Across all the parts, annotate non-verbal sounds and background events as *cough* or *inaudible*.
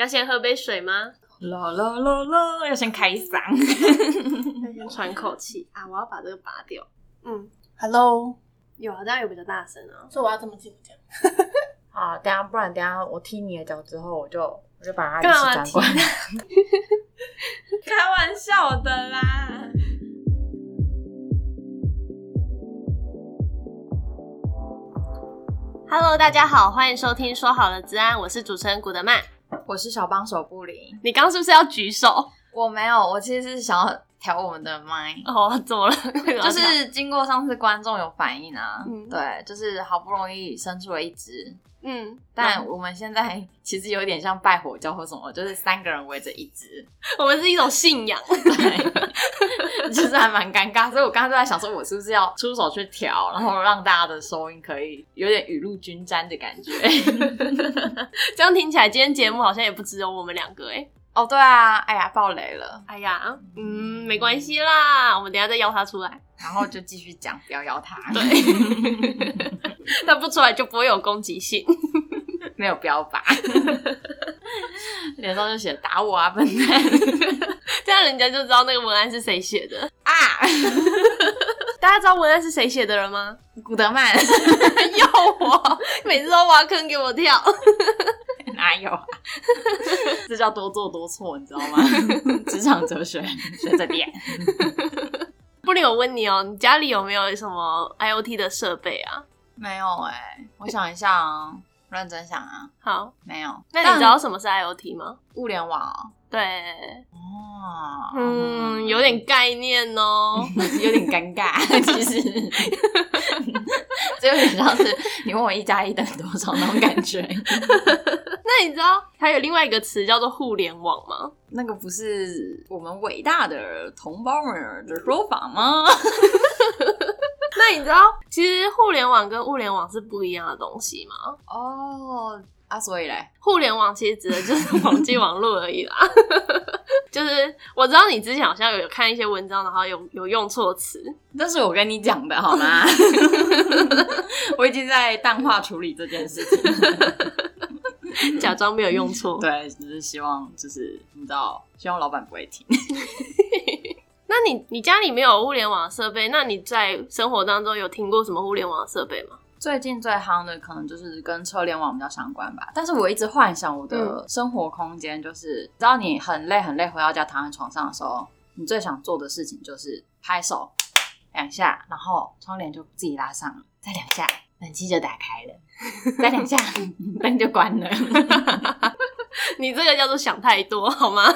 要先喝杯水嗎？咯咯咯咯，要先開嗓，要先 *laughs* 喘口氣氣啊！我要把這個拔掉。嗯，Hello，有啊，大家有比較大聲啊，所以我要這麼近這樣、 *laughs* 啊，等一下，不然等一下我踢你的腳之後，我就我就把阿姨踢翻。 *laughs* 開玩笑的啦。 *music* Hello，大家好，歡迎收聽《說好了資安》，我是主持人古德曼。我是小幫手布林，你剛剛是不是要舉手？我沒有，我其實是想要調我們的麥。哦，怎麼了？ *laughs* 就是經過上次觀眾有反應啊，嗯、對，就是好不容易生出了一支。嗯，但我們現在其實有點像拜火教或什麼，就是三個人圍着一隻，我們是一種信仰，對 *laughs* 其實還蠻尷尬。所以我剛剛就在想，說我是不是要出手去調，然後讓大家的收音可以有點雨露均沾的感覺。 *laughs* 這樣聽起來，今天節目好像也不只有我們兩個哎、欸。哦，對啊，哎呀，爆雷了，哎呀，嗯，沒關係啦，我們等一下再邀他出來，然後就繼續講，不要邀他，對，他 *laughs* 不出來就不會有攻擊性， *laughs* 沒有標靶， *laughs* 臉上就寫打我啊，笨蛋， *laughs* 這樣人家就知道那個文案是誰寫的啊， *laughs* 大家知道文案是誰寫的了嗎？古德曼， *laughs* 要我，每次都挖坑給我跳。 *laughs* 哎呦，這叫多做多錯，你知道嗎？職 *laughs* 場哲學，學這點。布里， *laughs* 我問你哦，你家裡有沒有什麼 IoT 的設備啊？沒有哎、欸，我想一下啊，認、嗯、真想啊。好，沒有。那你知道什麼是 IoT 嗎？物聯網。對。哦。Oh, 嗯，有點概念哦， *laughs* 有點尷尬，其實。 *laughs* 這有點像是你問我一加一等多少那種感覺。 *laughs* *laughs* 那你知道還有另外一個詞叫做互聯網嗎？那個不是我們偉大的同胞們的說法嗎？ *laughs* *laughs* 那你知道其實互聯網跟物聯網是不一樣的東西嗎？哦，啊，所以嘞，互聯網其實指的就是網際網絡而已啦。 *laughs* 就是我知道你之前好像有有看一些文章，然後有有用錯詞，那是我跟你講的好嗎、啊？ *laughs* 我已經在淡化處理這件事情， *laughs* 假裝沒有用錯， *laughs* 對，只、就是希望就是你知道，希望老闆不會聽。 *laughs* 那你你家裡沒有物聯網設備，那你在生活當中有聽過什麼物聯網設備嗎？最近最夯的可能就是跟車聯網比較相關吧，但是我一直幻想我的生活空間，就是，只要你很累很累回到家躺在床上的時候，你最想做的事情就是拍手兩下，然後窗簾就自己拉上了，再兩下，冷氣就打開了，再兩下，燈就關了。 *laughs* *laughs* 你這個叫做想太多，好嗎？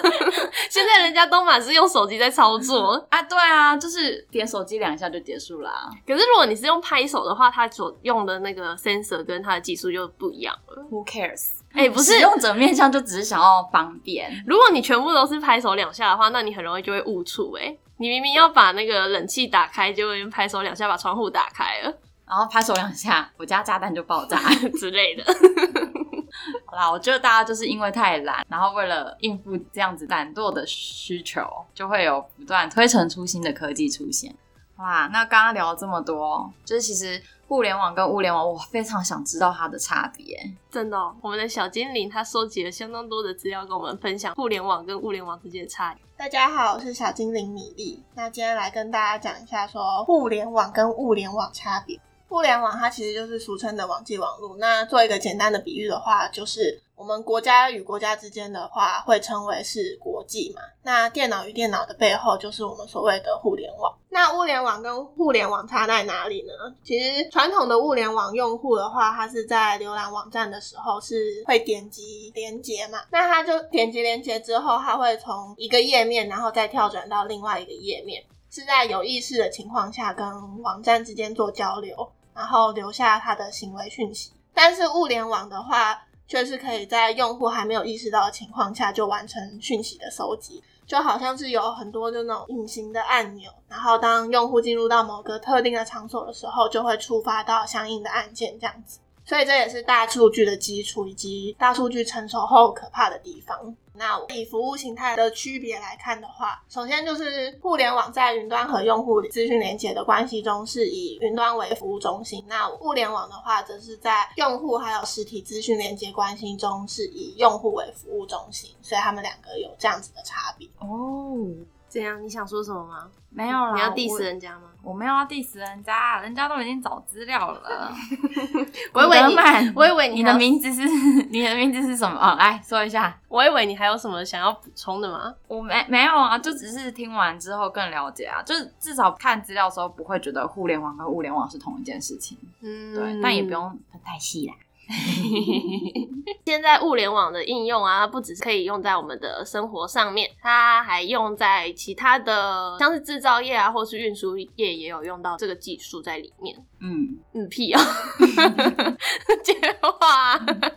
現在人家都嘛是用手機在操作啊，對啊，就是點手機兩下就結束啦。可是如果你是用拍手的話，它所用的那個 sensor 跟它的技術就不一樣了。Who cares？哎、欸，不是使用者，面向就只是想要方便。如果你全部都是拍手兩下的話，那你很容易就會誤觸。哎，你明明要把那個冷氣打開，就用拍手兩下把窗戶打開了。然後拍手兩下，我家炸彈就爆炸之類的。 *laughs* 好啦，我覺得大家就是因為太懶，然後為了應付這樣子懶惰的需求，就會有不斷推陳出新的科技出現。哇，那剛剛聊了這麼多，就是其實互聯網跟物聯網，我非常想知道它的差別。真的哦，我們的小精靈它收集了相當多的資料，跟我們分享互聯網跟物聯網之間的差別。大家好，我是小精靈米粒。那今天來跟大家講一下說，說互聯網跟物聯網差別。互聯網它其實就是俗稱的網際網絡。那做一個簡單的比喻的話，就是我們國家與國家之間的話，會稱為是國際嘛。那電腦與電腦的背後，就是我們所謂的互聯網。那物聯網跟互聯網差在哪裡呢？其實傳統的物聯網用戶的話，他是在瀏覽網站的時候是會點擊連結嘛。那他就點擊連結之後，他會從一個頁面，然後再跳轉到另外一個頁面，是在有意識的情況下跟網站之間做交流。然後留下他的行為訊息，但是物聯網的話，卻是可以在用戶還沒有意識到的情況下就完成訊息的收集，就好像是有很多那種隱形的按鈕，然後當用戶進入到某個特定的場所的時候，就會觸發到相應的按鍵這樣子。所以這也是大數據的基礎，以及大數據成熟後可怕的地方。那以服務形態的區別來看的話，首先就是互聯網在雲端和用戶資訊連接的關係中是以雲端為服務中心；那物聯網的話，則是在用戶還有實體資訊連接關係中是以用戶為服務中心。所以他們兩個有這樣子的差別哦。怎樣，你想說什麼嗎？沒有啊。你要 diss 人家嗎我？我沒有要 diss 人家，人家都已經找資料了。 *laughs* 我以為你，維維，你，你的名字是你的名字是什麼啊？來、哦、說一下，我以為你還有什麼想要補充的嗎？我沒沒有啊，就只是聽完之後更了解啊，就是至少看資料的時候不會覺得互聯網跟物聯網是同一件事情，嗯，對，但也不用分太細啦。 *laughs* 現在物聯網的應用啊，不只是可以用在我們的生活上面，它還用在其他的，像是製造業啊，或是運輸業也有用到這個技術在裡面。嗯嗯，屁、哦、 *laughs* *laughs* 結果啊，接話。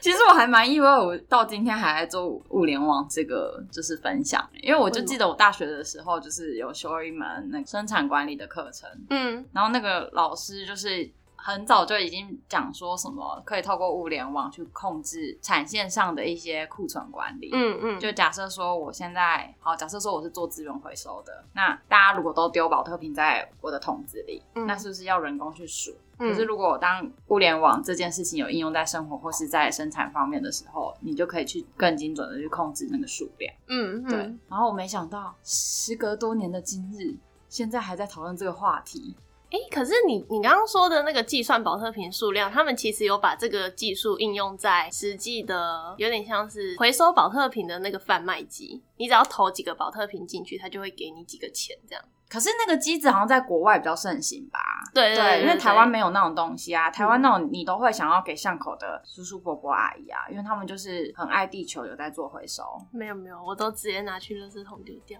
其實我還蠻意外，我到今天還在做物聯網這個就是分享，因為我就記得我大學的時候就是有修一門那個生產管理的課程，嗯，然後那個老師就是。很早就已經講說什麼可以透過物聯網去控制產線上的一些庫存管理。嗯嗯，嗯，就假設說我現在，好、哦、假設說我是做資源回收的，那大家如果都丟寶特瓶在我的桶子裡，嗯、那是不是要人工去數？嗯、可是如果當物聯網這件事情有應用在生活或是在生產方面的時候，你就可以去更精準的去控制那個數量。嗯嗯，嗯對。然後我沒想到，時隔多年的今日，現在還在討論這個話題。哎、欸，可是你你剛剛說的那個計算寶特瓶數量，他們其實有把這個技術應用在實際的，有點像是回收寶特瓶的那個販賣機，你只要投幾個寶特瓶進去，他就會給你幾個錢這樣。可是那個機子好像在國外比較盛行吧？對對，因為台灣沒有那種東西啊，台灣那種你都會想要給巷口的叔叔伯伯阿姨啊，因為他們就是很愛地球，有在做回收。沒有沒有，我都直接拿去垃圾桶丟掉。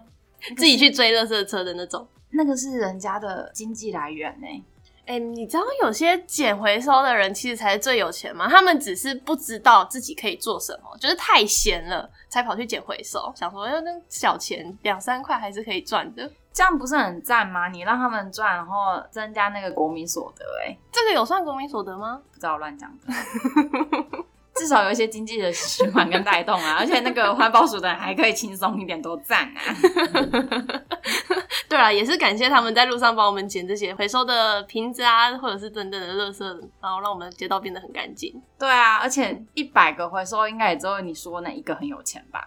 自己去追垃圾車的那種，那個是人家的經濟來源呢、欸。哎、欸，你知道有些撿回收的人其實才是最有錢嗎？他們只是不知道自己可以做什麼，就是太閒了，才跑去撿回收，想說哎、欸，那小錢兩三塊還是可以賺的，這樣不是很讚嗎？你讓他們賺，然後增加那個國民所得、欸，哎，這個有算國民所得嗎？不知道，亂講的。 *laughs* 至少有一些經濟的循環跟帶動啊， *laughs* 而且那個環保署的人還可以輕鬆一點，多讚啊！ *laughs* *laughs* 對啊，也是感謝他們在路上幫我們撿這些回收的瓶子啊，或者是真正的垃圾，然後讓我們的街道變得很乾淨。對啊，而且一百個回收應該也只有你說哪一個很有錢吧？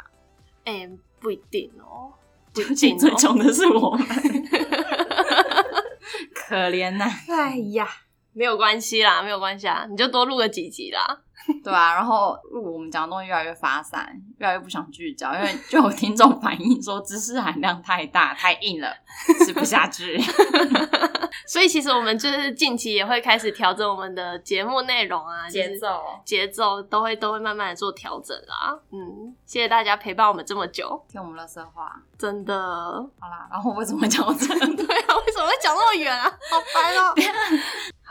哎、欸，不一定哦，不僅、哦、 *laughs* 最窮的是我們， *laughs* *laughs* *laughs* 可憐吶、啊！哎呀，沒有關係啦，沒有關係啊，你就多錄個幾集啦。 *laughs* 對啊，然後如果我們講的東西越來越發散，越來越不想聚焦，因為就有聽眾反映說知識含量太大，太硬了，吃不下去。 *laughs* *laughs* 所以其實我們就是近期也會開始調整我們的節目內容啊，節奏節奏都會都會慢慢的做調整啊。嗯，謝謝大家陪伴我們這麼久，聽我們垃圾話，真的。好啦，然後為什麼會講我真對啊？為什麼會講那麼遠啊？好煩哦。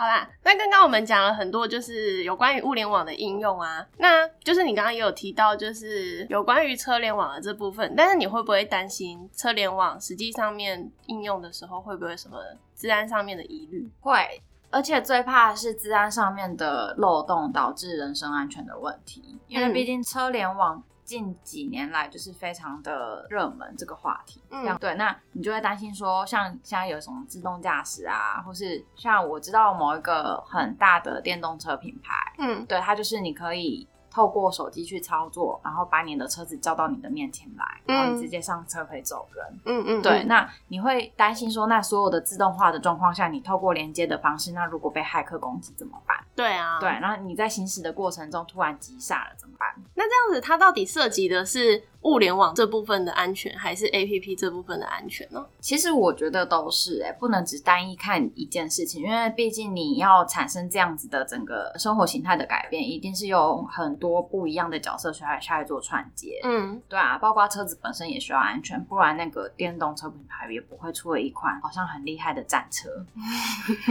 好啦，那剛剛我們講了很多，就是有關於物聯網的應用啊。那就是你剛剛也有提到，就是有關於車聯網的這部分。但是你會不會擔心車聯網實際上面應用的時候，會不會什麼資安上面的疑慮？會，而且最怕的是資安上面的漏洞導致人身安全的問題，嗯、因為畢竟車聯網。近幾年來就是非常的熱門這個話題，嗯，對，那你就會擔心說，像現在有什麼自動駕駛啊，或是像我知道某一個很大的電動車品牌，嗯，對，它就是你可以透過手機去操作，然後把你的車子叫到你的面前來，然後你直接上車可以走人，嗯嗯，對，嗯、那你會擔心說，那所有的自動化的狀況下，你透過連接的方式，那如果被駭客攻擊怎麼辦？對啊，對，那你在行駛的過程中突然急剎了怎麼辦？那這樣子，它到底涉及的是物聯網這部分的安全還是 APP 這部分的安全呢？其實我覺得都是哎、欸，不能只單一看一件事情，因為畢竟你要產生這樣子的整個生活形態的改變，一定是有很多不一樣的角色需要下來做串接。嗯，對啊，包括車子本身也需要安全，不然那個電動車品牌也不會出了一款好像很厲害的戰車。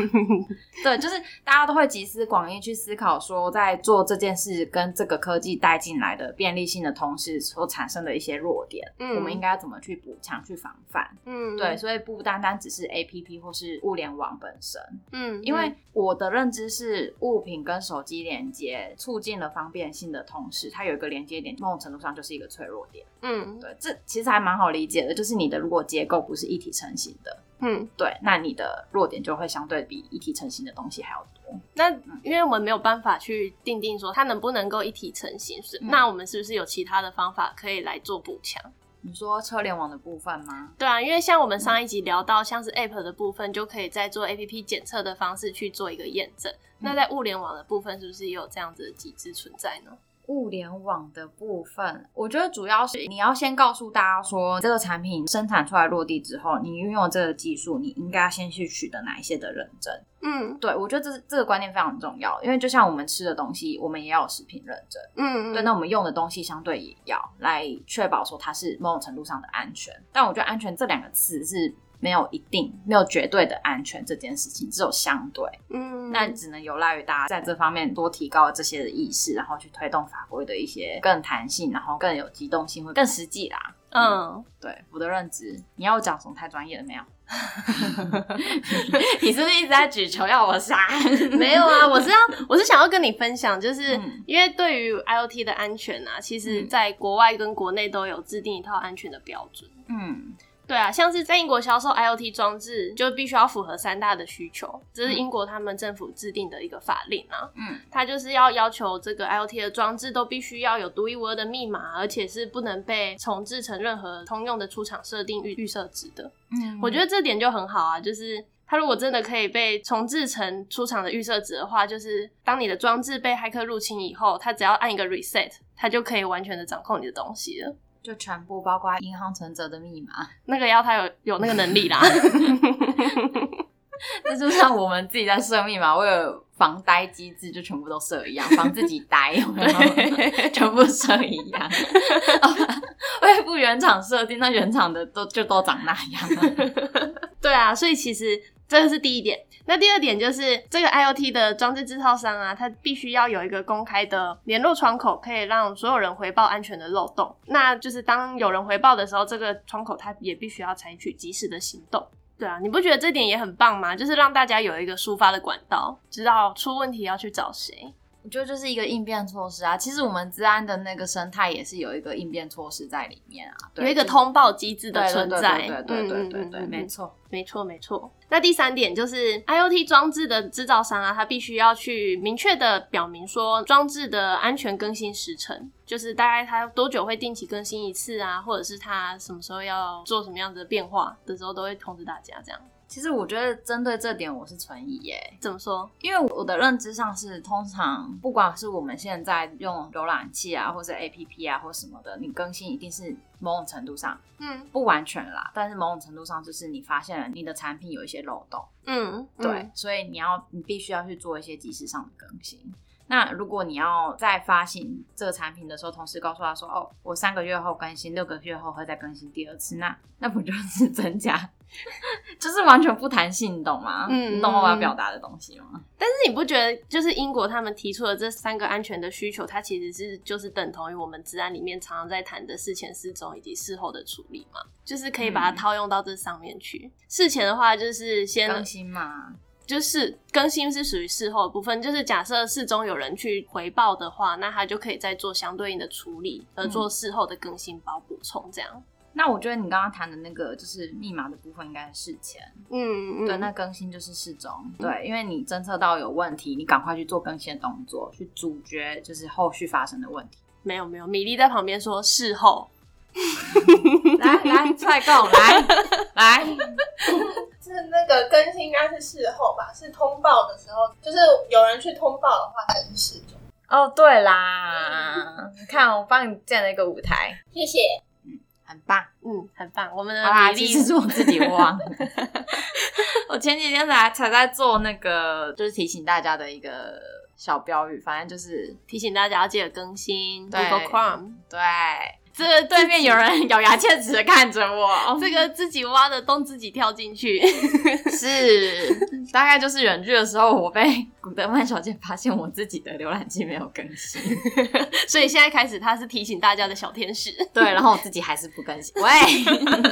*laughs* *laughs* 對，就是大家都會集思廣益去思考，說在做這件事跟這個科技帶進來的便利性的同時，所產生。的一些弱點，嗯、我們應該怎麼去補強、去防範？嗯，對，所以不單單只是 APP 或是物聯網本身，嗯，因為我的認知是物品跟手機連接，促進了方便性的同時，它有一個連接點，某種程度上就是一個脆弱點。嗯，對，這其實還蠻好理解的，就是你的如果結構不是一體成型的。嗯，對，嗯、那你的弱點就會相對比一體成型的東西還要多。那因為我們沒有辦法去定定說它能不能夠一體成型，嗯、是那我們是不是有其他的方法可以來做補強？你說車聯網的部分嗎？對啊，因為像我們上一集聊到像是 App 的部分，就可以在做 App 檢測的方式去做一個驗證。嗯、那在物聯網的部分，是不是也有這樣子的機制存在呢？物聯網的部分，我覺得主要是你要先告訴大家說，這個產品生產出來落地之後，你運用這個技術，你應該先去取得哪一些的認證。嗯，對，我覺得這這個觀念非常重要，因為就像我們吃的東西，我們也要有食品認證。嗯、嗯，對，那我們用的東西相對也要來確保說它是某種程度上的安全。但我覺得安全這兩個詞是。沒有一定，沒有絕對的安全這件事情，只有相對。嗯，但只能有賴於大家在這方面多提高這些的意識，然後去推動法規的一些更彈性，然後更有機動性，會更實際啦。嗯，嗯對，我的認知。你要講什麼太專業了沒有？ *laughs* *laughs* 你是不是一直在舉球要我殺？ *laughs* 沒有啊，我是要，我是想要跟你分享，就是、嗯、因為對於 IoT 的安全啊，其實在國外跟國內都有制定一套安全的標準。嗯。對啊，像是在英國銷售 IoT 裝置，就必須要符合三大的需求，這是英國他們政府制定的一個法令啊。嗯，他就是要要求這個 IoT 的裝置都必須要有獨一無二的密碼，而且是不能被重置成任何通用的出廠設定預預設值的。嗯，嗯，我覺得這點就很好啊，就是它如果真的可以被重置成出廠的預設值的話，就是當你的裝置被駭客入侵以後，它只要按一個 reset，它就可以完全的掌控你的東西了。就全部包括銀行存摺的密碼，那個要他有有那個能力啦。那就 *laughs* 像我們自己在設密碼，我有防呆機制，就全部都設一樣，防自己呆， *laughs* 對 *laughs* 全部設一樣。了、 *laughs* okay, 我也不原廠設定，那原廠的都就都長那樣了。 *laughs* 對啊，所以其實。這個是第一點，那第二點就是這個 IoT 的裝置製造商啊，他必須要有一個公開的聯絡窗口，可以讓所有人回報安全的漏洞。那就是當有人回報的時候，這個窗口他也必須要採取及時的行動。對啊，你不覺得這點也很棒嗎？就是讓大家有一個抒發的管道，知道出問題要去找誰。我覺得就是一個應變措施啊，其實我們資安的那個生態也是有一個應變措施在裡面啊，對有一個通報機製的存在。對對對對對對，對，對、嗯嗯嗯，沒錯沒錯錯、嗯、沒錯。沒那第三點就是 IoT 裝置的制造商啊，他必須要去明確的表明說，裝置的安全更新時程，就是大概它多久會定期更新一次啊，或者是它什麼時候要做什麼樣的變化的時候，都會通知大家這樣。其實我覺得針對這點，我是存疑耶、欸。怎麼說？因為我的認知上是，通常不管是我們現在用瀏覽器啊，或者 APP 啊，或什麼的，你更新一定是某種程度上，嗯，不完全啦。嗯、但是某種程度上，就是你發現了你的產品有一些漏洞，嗯，對，所以你要你必須要去做一些即時上的更新。那如果你要在發行這個產品的時候，同時告訴他說：“哦，我三個月後更新，六個月後會再更新第二次。”那那不就是增加，嗯、就是完全不彈性，你懂嗎？嗯，嗯，你懂我要表達的東西嗎？但是你不覺得，就是英國他們提出的這三個安全的需求，它其實、就是就是等同於我們資安裡面常常在談的事前、事中以及事後的處理嘛？就是可以把它套用到這上面去。事前的話，就是先更新嘛。就是更新是屬於事後的部分，就是假設事中有人去回報的話，那他就可以再做相對應的處理，而做事後的更新包補、嗯、充這樣。那我覺得你剛剛談的那個就是密碼的部分應該是事前，嗯，嗯對，那更新就是事中，對，因為你偵測到有問題，你趕快去做更新的動作，去阻絕就是後續發生的問題。沒有沒有，米粒在旁邊說事後。來來，踹夠來來，是那個更新應該是事後吧？是通報的時候，就是有人去通報的話才是事中。哦，對啦，你看我幫你建了一個舞台，謝謝，嗯，很棒，嗯，很棒。我們的力是是我自己忘。我前幾天才才在做那個，就是提醒大家的一個小標語，反正就是提醒大家要記得更新。對，對。這對面有人咬牙切齒的看着我， *laughs* 這個自己挖的洞自己跳進去， *laughs* 是大概就是遠距的時候，我被古德曼小姐發現我自己的瀏覽器沒有更新， *laughs* 所以現在開始他是提醒大家的小天使。 *laughs* 對，然後我自己還是不更新。 *laughs* 喂， *laughs*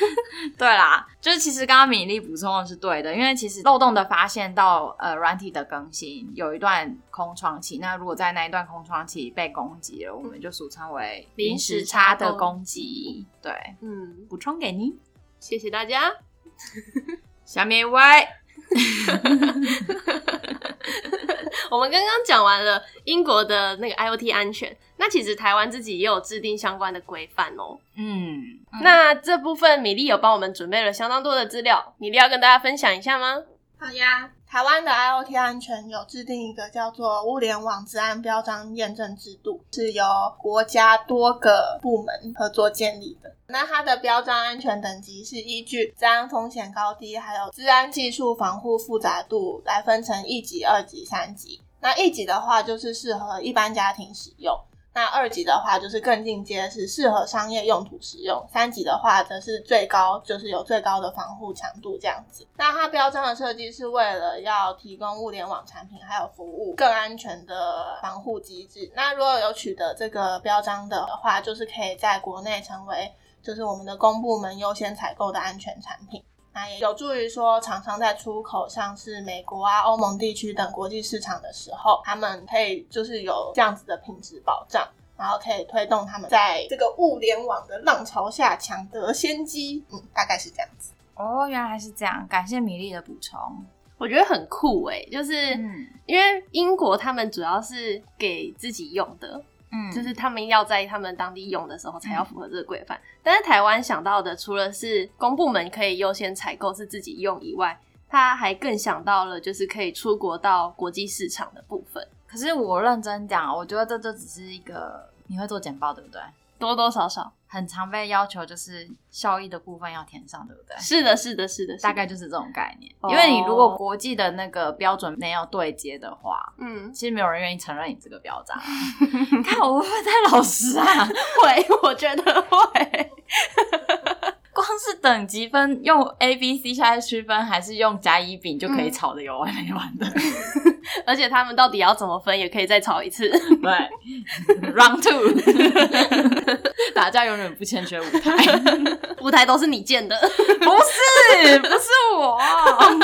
*laughs* 對啦，就是其實剛剛米粒補充的是對的，因為其實漏洞的發現到呃軟體的更新有一段空窗期，那如果在那一段空窗期被攻擊了，我們就俗稱為。零時差的攻擊，嗯、對，嗯，補充給您，謝謝大家。 *laughs* 下面一歪 *laughs* *laughs* 我們剛剛講完了英國的那個 IoT 安全，那其實台灣自己也有制定相關的規範哦嗯。嗯，那這部分米粒有幫我們準備了相當多的資料，米粒要跟大家分享一下嗎？好呀。台灣的 IoT 安全有制定一個叫做物聯網資安標章驗證制度，是由國家多個部門合作建立的。那它的標章安全等級是依據資安風險高低，還有資安技術防護複雜度來分成一級、二級、三級。那一級的話，就是適合一般家庭使用。那二級的話就是更進階，是適合商業用途使用；三級的話則是最高，就是有最高的防護強度這樣子。那它標章的設計是為了要提供物聯網產品還有服務更安全的防護機制。那如果有取得這個標章的話，就是可以在國內成為就是我們的公部門優先採購的安全產品。那、啊、也有助於說，廠商在出口像是美國啊、歐盟地區等國際市場的時候，他們可以就是有這樣子的品質保障，然後可以推動他們在這個物聯網的浪潮下搶得先機。嗯，大概是這樣子。哦，原來是這樣，感謝米粒的補充，我覺得很酷哎、欸，就是、嗯、因為英國他們主要是給自己用的。嗯，就是他們要在他們當地用的時候才要符合這個規範，嗯、但是台灣想到的除了是公部門可以優先採購是自己用以外，他還更想到了就是可以出國到國際市場的部分。可是我認真講，我覺得這就只是一個，你會做簡報對不對？多多少少很常被要求，就是效益的部分要填上，對不對？是的，是的，是的，是的。大概就是這種概念。Oh, 因為你如果國際的那個標準沒有對接的話，嗯，其實沒有人願意承認你這個標章，你 *laughs* 看，我會不會太老實啊， *laughs* 會，我覺得會。 *laughs* 是等級分用 A、B、C 下來區分，還是用甲、乙、丙就可以炒的有完沒完的？嗯、 *laughs* 而且他們到底要怎麼分，也可以再炒一次。 *laughs* 對，Round Two， *laughs* 打架永遠不欠缺舞台， *laughs* 舞台都是你建的，不是不是我，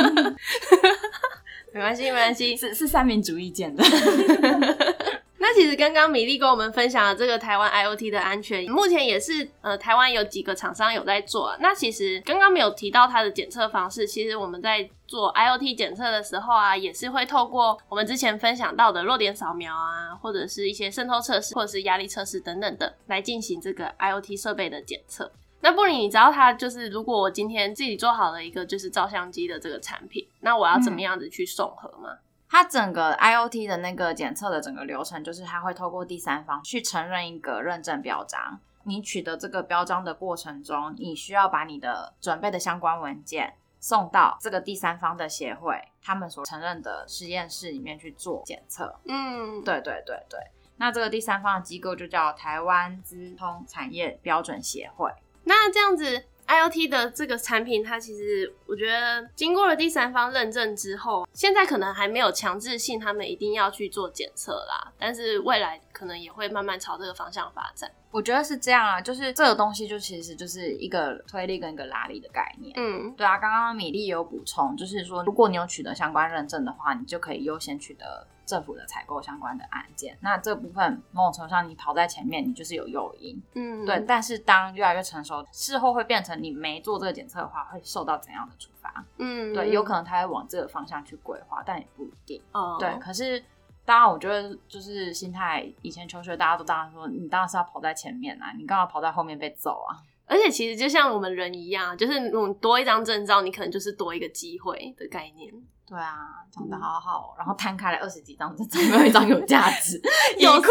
*laughs* *laughs* 沒關係沒關係，是是三民主義建的。 *laughs* 那其實剛剛米粒跟我們分享了這個台灣 I O T 的安全，目前也是呃台灣有幾個廠商有在做、啊。那其實剛剛沒有提到它的檢測方式，其實我們在做 I O T 檢測的時候啊，也是會透過我們之前分享到的弱點掃描啊，或者是一些滲透測試或者是壓力測試等等的來進行這個 I O T 設備的檢測。那不然你知道它就是如果我今天自己做好了一個就是照相機的這個產品，那我要怎麼樣子去送核嗎？嗯它整個 IoT 的那個檢測的整個流程，就是它會透過第三方去承認一個認證標章。你取得這個標章的過程中，你需要把你的準備的相關文件送到這個第三方的協會，他們所承認的實驗室裡面去做檢測。嗯，對對對對。那這個第三方的機構就叫台灣資通產業標準協會。那這樣子。IoT 的這個產品，它其實我覺得經過了第三方認證之後，現在可能還沒有強制性，他們一定要去做檢測啦。但是未來可能也會慢慢朝這個方向發展。我覺得是這樣啊，就是這個東西就其實就是一個推力跟一個拉力的概念。嗯，對啊，剛剛米粒有補充，就是說如果你有取得相關認證的話，你就可以優先取得政府的採購相關的案件。那這個部分某種程度上你跑在前面，你就是有誘因。嗯，對。但是當越來越成熟，事後會變成你沒做這個檢測的話，會受到怎樣的處罰？嗯，嗯，對，有可能他會往這個方向去規劃，但也不一定。哦，對，可是。當然，我覺得就是心態。以前求學，大家都大家說，你當然是要跑在前面啊，你剛好跑在後面被揍啊。而且其實就像我們人一樣，就是你多一張證照，你可能就是多一個機會的概念。對啊，長得好好，好，嗯、然後攤開了二十幾張證照，沒有一張有價值。一 *laughs* 是哭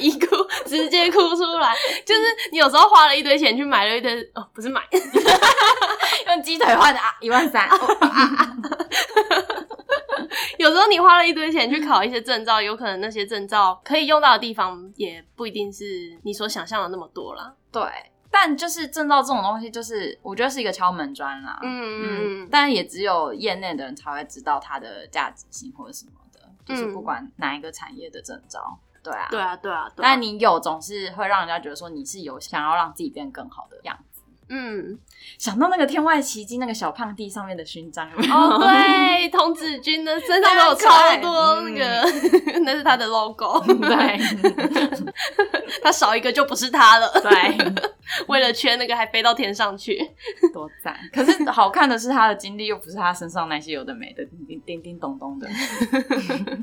一哭，直接哭出來。就是你有時候花了一堆錢去買了一堆，哦，不是買， *laughs* 用雞腿換的啊，一萬三。 *laughs* 有時候你花了一堆錢去考一些證照，嗯、有可能那些證照可以用到的地方也不一定是你所想象的那麼多啦。對，但就是證照這種東西，就是我覺得是一個敲門磚啦。嗯嗯，但也只有業內的人才會知道它的價值性或者什麼的。就是不管哪一個產業的證照，嗯、對啊，對啊，對啊，對啊。但你有，總是會讓人家覺得說你是有想要讓自己變更好的樣子。嗯，想到那個天外奇蹟那個小胖弟上面的勳章有沒有？哦，對，童子軍的身上都有超多那個，嗯、那是他的 logo，、嗯、對，他少一個就不是他了。對，為了圈那個還飛到天上去，多讚讚！可是好看的是他的經歷，又不是他身上那些有的沒的叮叮叮叮咚咚，咚的，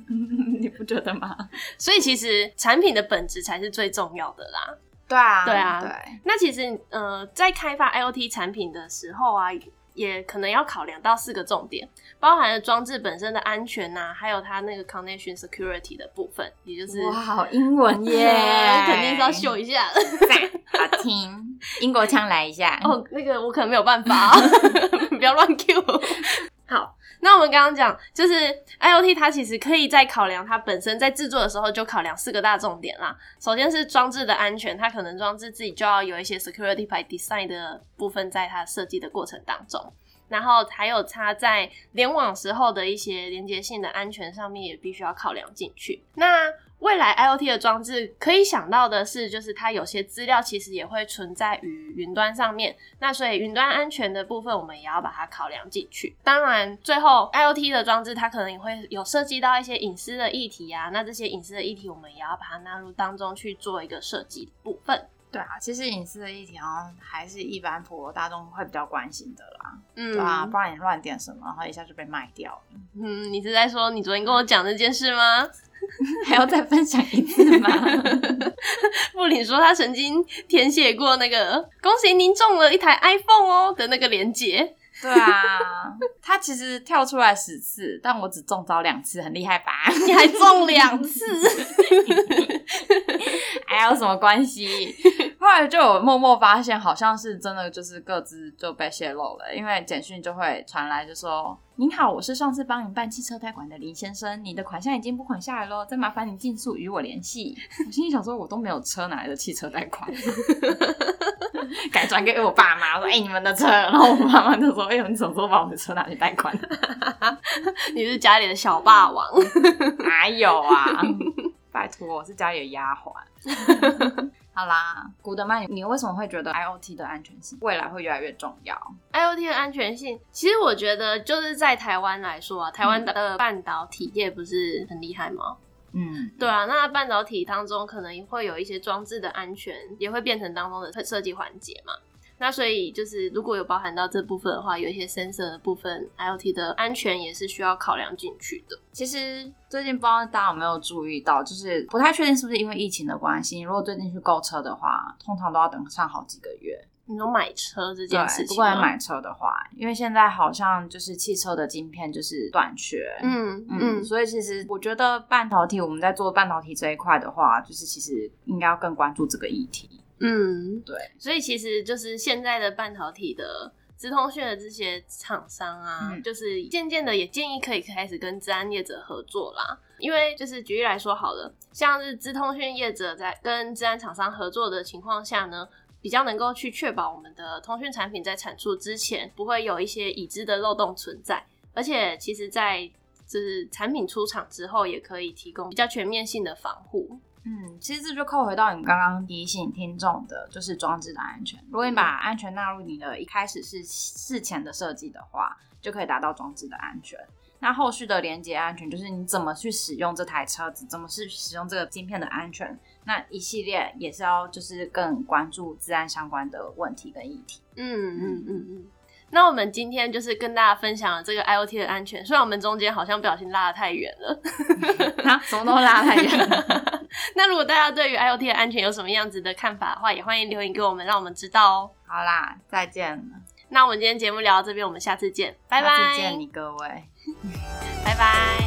*laughs* 你不覺得嗎？所以其實產品的本質才是最重要的啦。對啊，對啊。對，那其實，呃，在開發 IoT 產品的時候啊，也可能要考量到四個重點，包含了裝置本身的安全吶、啊，還有它那個 connection security 的部分，也就是哇，好英文、嗯、耶，肯定是要秀一下了。好聽、啊、 *laughs* 英國腔來一下。哦，那個我可能沒有辦法、啊， *laughs* *laughs* 不要亂 Q。 *laughs* 好。那我們剛剛講，就是 IoT 它其實可以在考量它本身在製作的時候就考量四個大重點啦。首先是裝置的安全，它可能裝置自己就要有一些 security by design 的部分，在它設計的過程當中。然後還有它在聯網時候的一些連接性的安全上面也必須要考量進去。那未來 IoT 的裝置可以想到的是，就是它有些資料其實也會存在於雲端上面。那所以雲端安全的部分我們也要把它考量進去。當然，最後 IoT 的裝置它可能也會有涉及到一些隱私的議題啊。那這些隱私的議題我們也要把它納入當中去做一個設計的部分。對啊，其實隱私的議題啊還是一般普羅大眾會比較關心的了。嗯，啊，不然你亂點什麼，然後一下就被賣掉了。嗯，你是在說你昨天跟我講這件事嗎？還要再分享一次嗎？ *laughs* *laughs* 布林說他曾經填寫過那個“恭喜您中了一台 iPhone 哦”的那個連結。對啊，他其實跳出來十次，但我只中招兩次，很厲害吧？你還中兩次， *laughs* 還有什麼關係？後來就有默默發現，好像是真的，就是各自就被洩露了。因為簡訊就會傳來，就說：“您好，我是上次幫您辦汽車貸款的林先生，你的款項已經撥款下來嘍，再麻煩你儘速與我聯繫。” *laughs* 我心裡想說：“我都沒有車，哪來的汽車貸款？” *laughs* 改轉給我爸媽說：“哎、欸，你們的車。”然後我爸媽就說：“哎、欸，你什麼時候把我的車拿去貸款？ *laughs* *laughs* 你是家裡的小霸王？ *laughs* *laughs* 哪有啊？ *laughs* 拜託，我是家裡的丫鬟。 *laughs* ”好啦，古德曼，你為什麼會覺得 IoT 的安全性未來會越來越重要？IoT 的安全性，其實我覺得就是在台灣來說，啊，台灣的半導體業不是很厲害嗎？嗯，對啊，那半導體當中可能會有一些裝置的安全，也會變成當中的設計環節嘛。那所以就是，如果有包含到這部分的話，有一些 sensor 的部分，IoT 的安全也是需要考量進去的。其實最近不知道大家有沒有注意到，就是不太確定是不是因為疫情的關係，如果最近去購車的話，通常都要等上好幾個月。你說買車這件事情，如果買車的話，因為現在好像就是汽車的晶片就是短缺，嗯嗯，嗯，所以其實我覺得半導體，我們在做半導體這一塊的話，就是其實應該要更關注這個議題。嗯，對，所以其實就是現在的半導體的、資通訊的這些廠商啊，嗯、就是漸漸的也建議可以開始跟資安業者合作啦。因為就是舉例來說好了，像是資通訊業者在跟資安廠商合作的情況下呢，比較能夠去確保我們的通訊產品在產出之前不會有一些已知的漏洞存在，而且其實，在就是產品出廠之後，也可以提供比較全面性的防護。嗯，其實這就扣回到你剛剛提醒聽眾的，就是裝置的安全。如果你把安全納入你的一開始是事前的設計的話，就可以達到裝置的安全。那後續的連接安全，就是你怎麼去使用這台車子，怎麼去使用這個晶片的安全，那一系列也是要就是更關注資安相關的問題跟議題。嗯嗯嗯嗯。嗯嗯那我們今天就是跟大家分享了這個 I O T 的安全，雖然我們中間好像不小心拉的太遠了，哈哈哈，什麼都拉太遠了， *laughs* 那如果大家對於 I O T 的安全有什麼樣子的看法的話，也歡迎留言給我們，讓我們知道哦。好啦，再見了。那我們今天節目聊到這邊，我們下次見，下次見拜拜，再見你各位，拜拜。 *laughs*